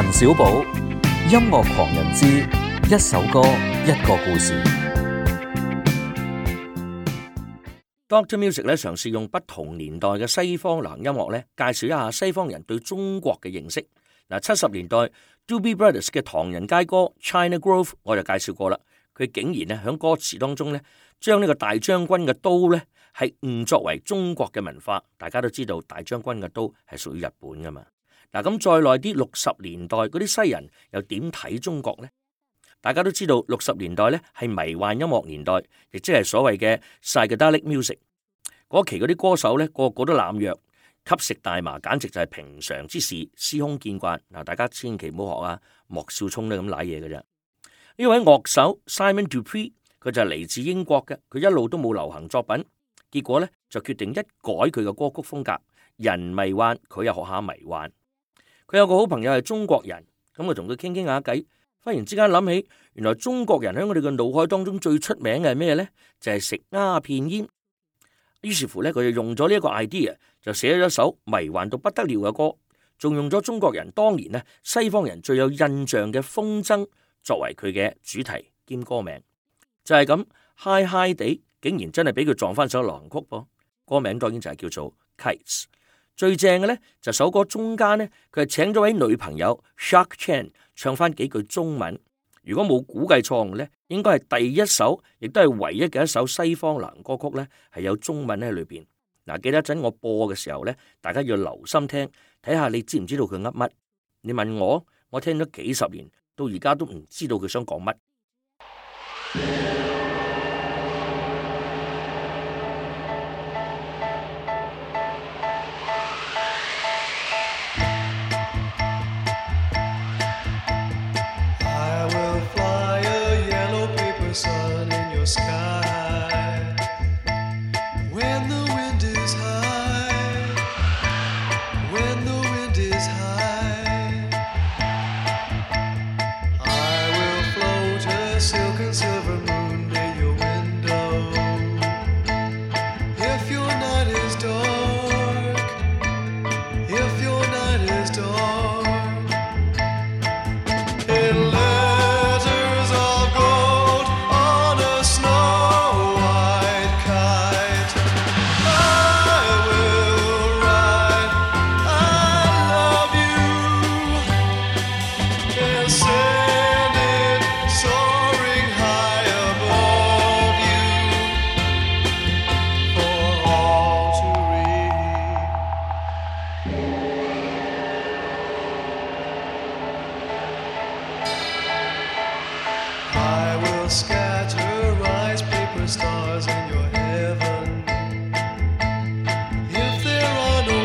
陳少寶，音樂狂人之一首歌一個故事。Doctor Music 咧嘗試用不同年代嘅西方流行音樂咧，介紹一下西方人對中國嘅認識。嗱，七十年代 Doobie Brothers 嘅唐人街歌《China Grove》我就介紹過啦，佢竟然呢，響歌詞當中咧，將呢個大將軍嘅刀咧係誤作為中國嘅文化。大家都知道大將軍嘅刀係屬於日本噶嘛。嗱，咁再來啲六十年代嗰啲西人又點睇中國呢？大家都知道六十年代咧係迷幻音樂年代，亦即係所謂嘅細嘅 psychedelic music。嗰期嗰啲歌手呢，個個都濫藥，吸食大麻，簡直就係平常之事，司空見慣。嗱，大家千祈唔好學啊！莫少聰咧咁瀨嘢嘅啫。呢位樂手 Simon Dupree，佢就嚟自英國嘅，佢一路都冇流行作品，結果呢就決定一改佢嘅歌曲風格，人迷幻，佢又學下迷幻。佢有個好朋友係中國人，咁我同佢傾傾下偈。忽然之間諗起，原來中國人喺我哋嘅腦海當中最出名嘅係咩呢？就係食鴉片煙。於是乎咧，佢就用咗呢一個 idea，就寫咗一首迷幻到不得了嘅歌，仲用咗中國人當年咧西方人最有印象嘅風箏作為佢嘅主題兼歌名，就係咁嗨嗨哋，竟然真係俾佢撞翻首狼曲噃。歌名當然就係叫做 Kites。最正嘅呢，就首歌中間呢，佢係請咗位女朋友 Shark Chan 唱翻幾句中文。如果冇估計錯誤呢，應該係第一首，亦都係唯一嘅一首西方男歌曲呢，係有中文喺裏邊。嗱、啊，記得陣我播嘅時候呢，大家要留心聽，睇下你知唔知道佢噏乜？你問我，我聽咗幾十年，到而家都唔知道佢想講乜。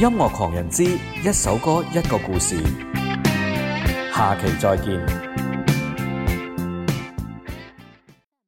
音樂狂人之，一首歌，一個故事，下期再見。